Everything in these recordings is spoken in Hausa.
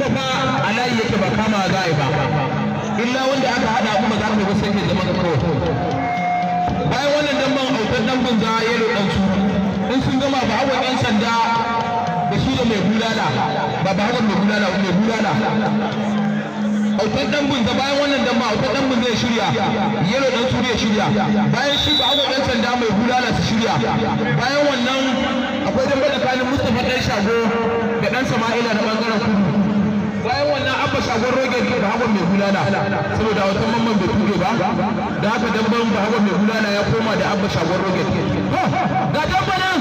wanda ba a layi yake ba kama za a yi ba illa wanda aka hada kuma za ka yi wasu yake zama karo bayan wannan damban autar dambun za ya roɗan su in sun gama ba hawa ɗan sanda da shi da mai bulala ba ba hawa mai bulala mai bulala autar dambun za bayan wannan damba autar dambun ya shirya yalo dan su zai shirya bayan shi ba hawa ɗan sanda mai bulala su shirya bayan wannan akwai damba tsakanin mustapha ɗan shago da ɗan sama'ila na ɓangaren kudu bayan wannan abba shagon roge ke da hagon mai hulana saboda wata mamman bai ture ba da aka damban ba hagon mai hulana ya koma da abba shagon roge ga dambana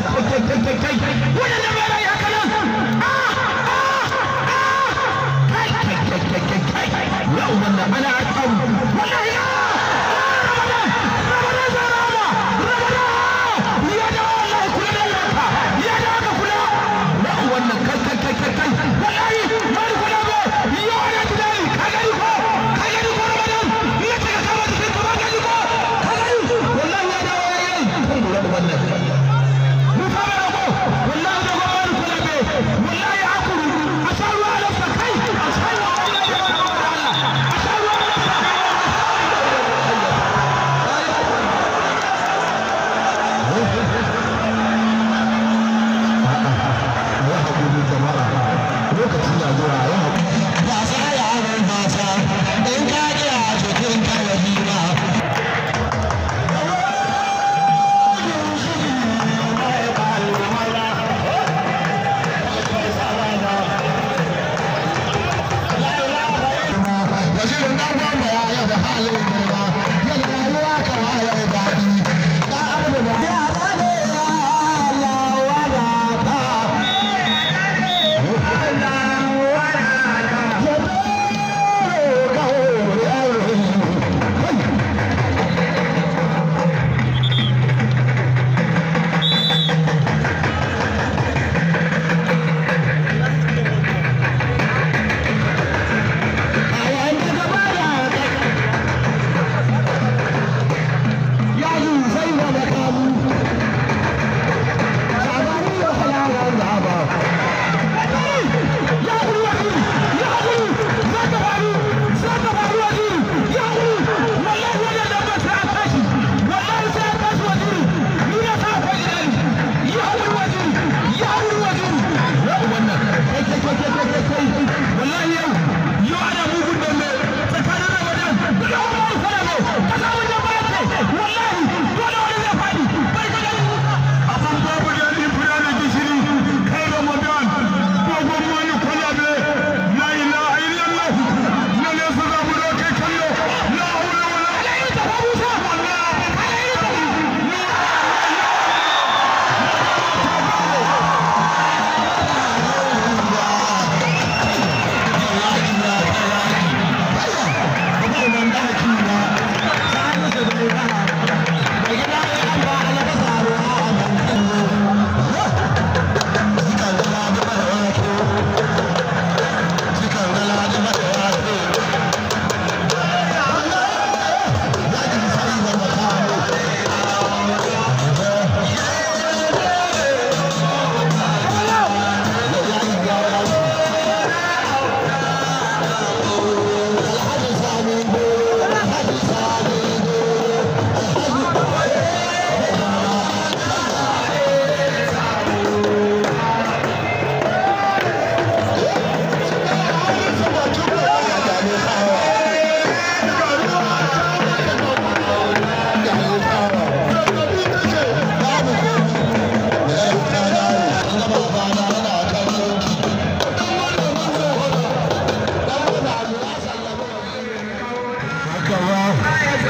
kai kai lokaci na zuwa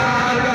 Gaga.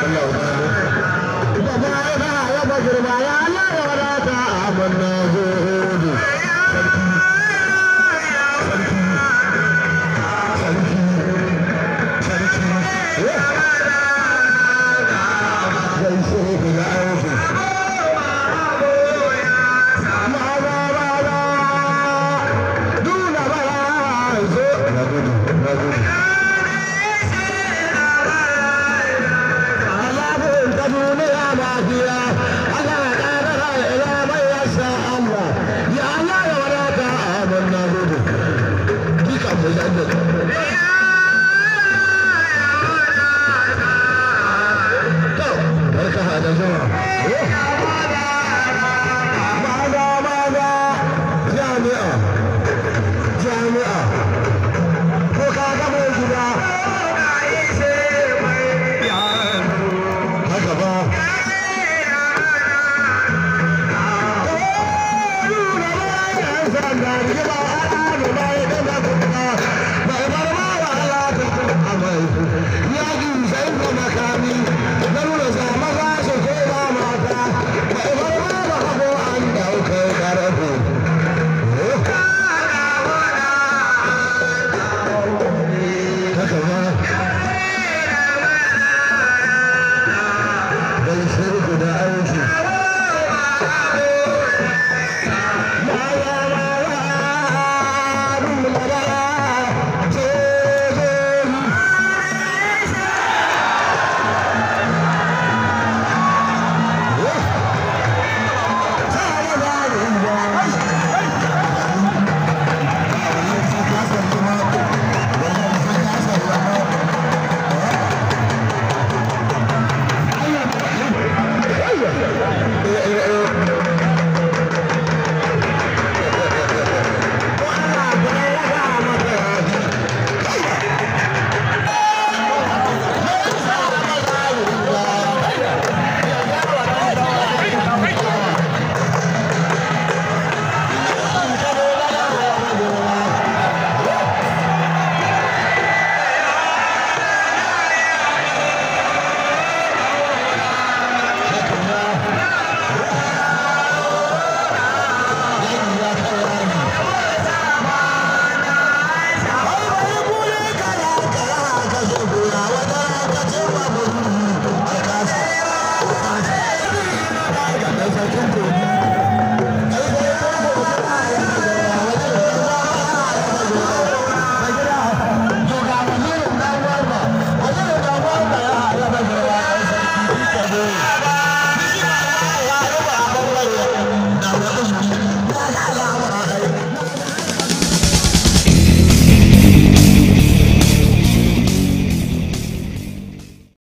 Allah ya ba allah ya Allah da wadata